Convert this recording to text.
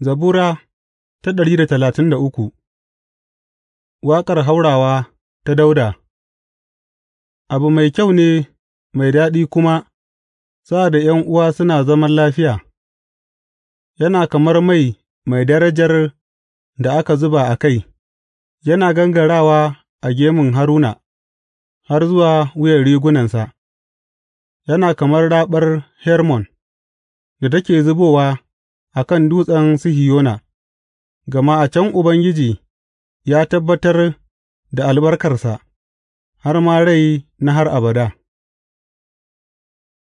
Zabura ta ɗari da talatin da uku Waƙar haurawa ta Dauda. Abu mai kyau ne, mai daɗi kuma, sa'ad da uwa suna zaman lafiya, yana kamar mai mai darajar da aka zuba a kai, yana gangarawa a gemun Haruna har zuwa wuyan rigunansa, yana kamar raɓar Hermon da take zubowa. a kan dutsen Sihiyona, gama a can Ubangiji ya tabbatar da albarkarsa, har ma rai na har abada.